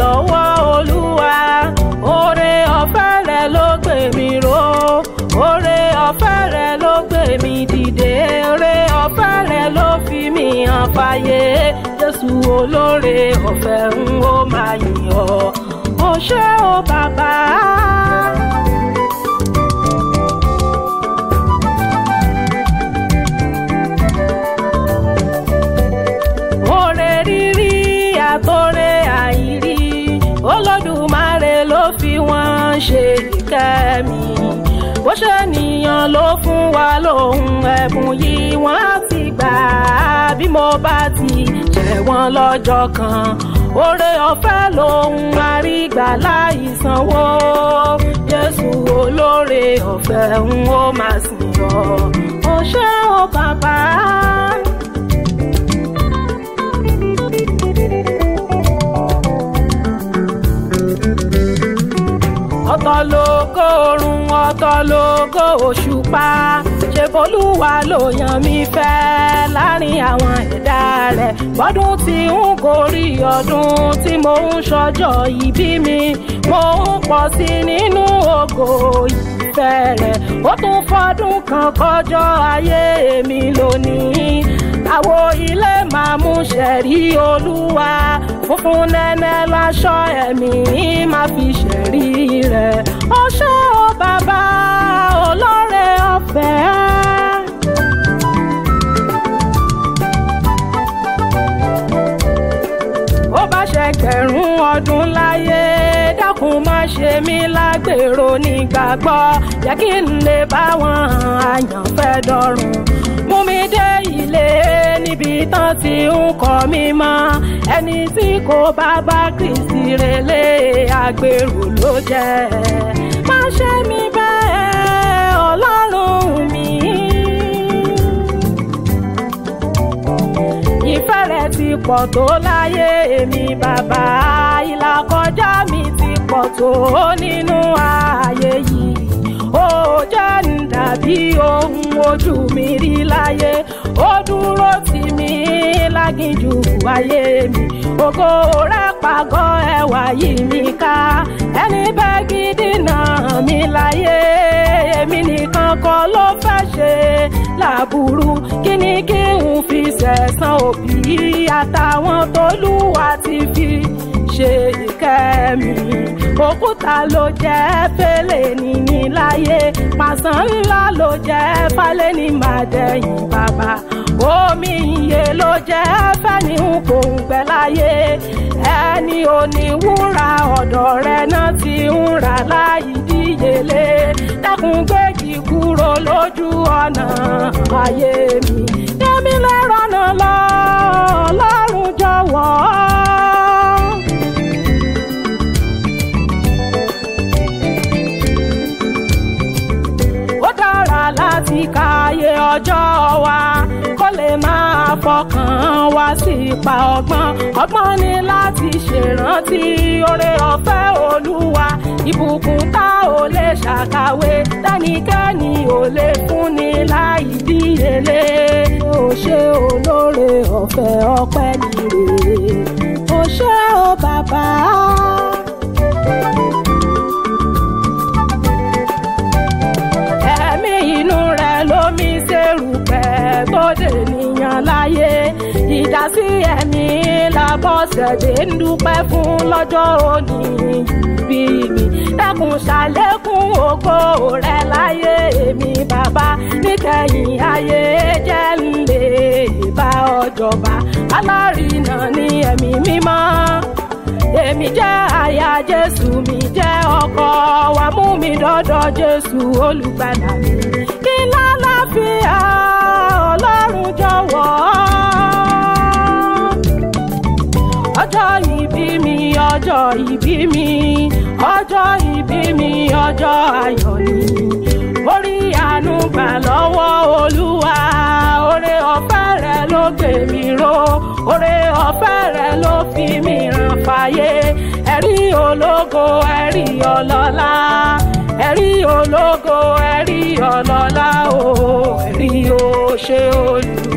lọ́wọ́ olúwa oore ọ̀fẹ́ rẹ̀ ló gbé mi ró oore ọ̀fẹ́ rẹ̀ ló gbé mi dìde oore ọ̀fẹ́ rẹ̀ ló fi mi hàn fàyè jésù olóore ọ̀fẹ́ ń ó máa yìn ọ́ o ṣé o bàbá. ṣe ìkẹ́ mi bó ṣe nìyàn ló fún wa lóhun ẹ̀bùn yìí wọ́n á ti gbà á bí mo bá ti jẹ́ wọ́n lọ́jọ́ kan oore ọ̀fẹ́ lòun àrígbà láì sanwó jésù olóore ọ̀fẹ́ ń ó máa sìn ọ́ o ṣé o bàbá. ọ̀tọ̀ lógo oorun ọ̀tọ̀ lógo òṣùpá ṣèbólúwa ló yàn mi fẹ́ láàrin àwọn ẹ̀dá rẹ̀ bọ́dún tí ń gorí ọdún tí mo ń ṣọjọ́ ìbí mi mo ń pọ̀ sí nínú ògo yìí bẹ̀rẹ̀ ó tún fọdún kan kọjọ́ ayé mi lónìí àwo ilé màmú ṣẹ̀rí olúwa funfun nẹ́nẹ́ láṣọ ẹ̀mí máa fi ṣẹ̀rí rẹ̀ ó ṣe ó bàbá olóore ọ̀fẹ́. ṣẹ̀kẹ̀rún ọdún láyé dákun má ṣe mí lágbèrò nígbàgbọ́ yẹ kí n lè bá wọn àyànfẹ́ dọ́rùn níbi tán ti ń kọ́ mi mọ́ ẹni tí kò bá bá Kristi relé agbèrò ló jẹ́ má ṣe mi bẹ́ẹ̀ Ọlọ́run mi. ìfẹ́ rẹ̀ ti pọ̀ tó láyé èmi bàbá ìlà kọjá mi ti pọ̀ tó nínú ààyè yìí ó jẹ́ ń dàbí ohun ojú mi rí láyé ó dúró tí láginjù ayé mi ògo rẹ pàgọ́ ẹwà yìí mi ká ẹni bẹ́ẹ̀ gidi náà mi láyé èmi nìkan kọ́ ló fẹ́ ṣe láburú kí ni kí n fi sẹ̀san òbí àtàwọn tólúwa ti fi ṣe ìkẹ́mi òkúta ló jẹ́ fẹ́lẹ́ nìyí láyé pàṣán ńlá ló jẹ́ falẹ́ ní màdẹ́yìn bàbá omi iye ló jẹ́ ni n kò ń gbẹ láyé ẹni oníwúrà ọ̀dọ̀ rẹ náà ti ń rà láì díyelé dákun gbégi kúrò lójú ọ̀nà ayé mi démi lẹ́rọ̀ náà lọ ọlọ́run jọ̀wọ́. ó dára láti káyé ọjọ́ wa fọkàn wá sí ipa ọgbọ́n ọgbọ́n ni láti ṣèrántí oore ọ̀fẹ́ olúwa ìbùkún tá ò lè ṣàkàwé tẹnikẹ́ni ò lè fúnni láì díyelé ó ṣe olóore ọ̀fẹ́ ọpẹ́ nìyẹn. ìdásí ẹ̀mí làbọ̀sẹ̀dé ń dúpẹ́ fún lọ́jọ́ òní ìbí mi dẹ́kun ṣàlékún ògo rẹ láyé èmi bàbá níkẹyìn ayé jẹ́ ń lè bá ọjọba alárìnà ní ẹ̀mí mímọ́ èmi jẹ́ aya jésù mi jẹ́ ọkọ wá mú mi dọ́dọ̀ jésù olùgbàlà mi kí lálàáfíà ọlọ́run jọ. ìbí mi ọjọ́ ìbí mi ọjọ́ ayọ̀ ni mo rí àánú gbà lọ́wọ́ olúwa oore ọ̀fẹ́ rẹ̀ ló gbé mi ró oore ọ̀fẹ́ rẹ̀ ló fi mi ràn fàyè ẹ̀rí ológo ẹ̀rí ọlọ́lá ẹ̀rí ológo ẹ̀rí ọlọ́lá o ẹ̀rí o ṣe olú.